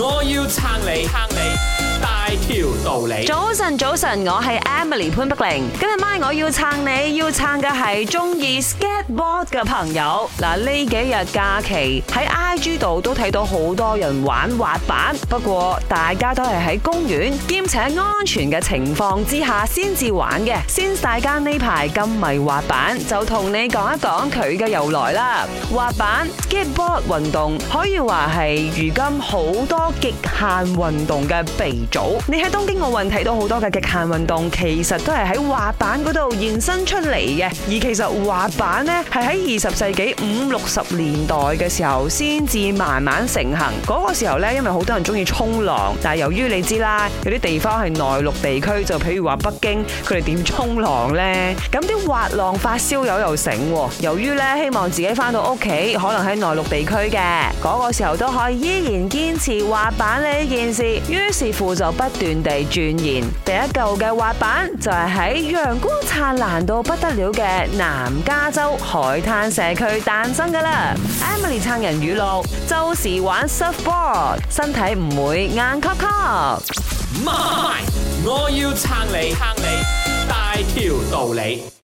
我要撐你撐你大條道理。早晨早晨，我係 Emily 潘碧玲。今日晚我要撐你要撐嘅係鍾意 skateboard 嘅朋友。嗱，呢幾日假期喺 IG 度都睇到好多人玩滑板，不過大家都係喺公園兼且在安全嘅情況之下先至玩嘅。先大家呢排咁迷滑板，就同你講一講佢嘅由來啦。滑板 skateboard 運動可以話係如今好多，極限運動嘅鼻祖，你喺東京奧運睇到好多嘅極限運動，其實都係喺滑板嗰度延伸出嚟嘅。而其實滑板呢，係喺二十世紀五六十年代嘅時候先至慢慢成行。嗰個時候呢，因為好多人中意衝浪，但係由於你知啦，有啲地方係內陸地區，就譬如話北京，佢哋點衝浪呢？咁啲滑浪發燒友又醒，由於呢，希望自己翻到屋企，可能喺內陸地區嘅嗰個時候都可以依然堅持滑板呢件事，於是乎就不斷地轉言。第一嚿嘅滑板就係喺陽光燦爛到不得了嘅南加州海灘社區誕生㗎啦。Emily 撐人語錄，周時玩 surfboard 身體唔會硬磕磕。媽咪，我要撐你撐你，大條道理。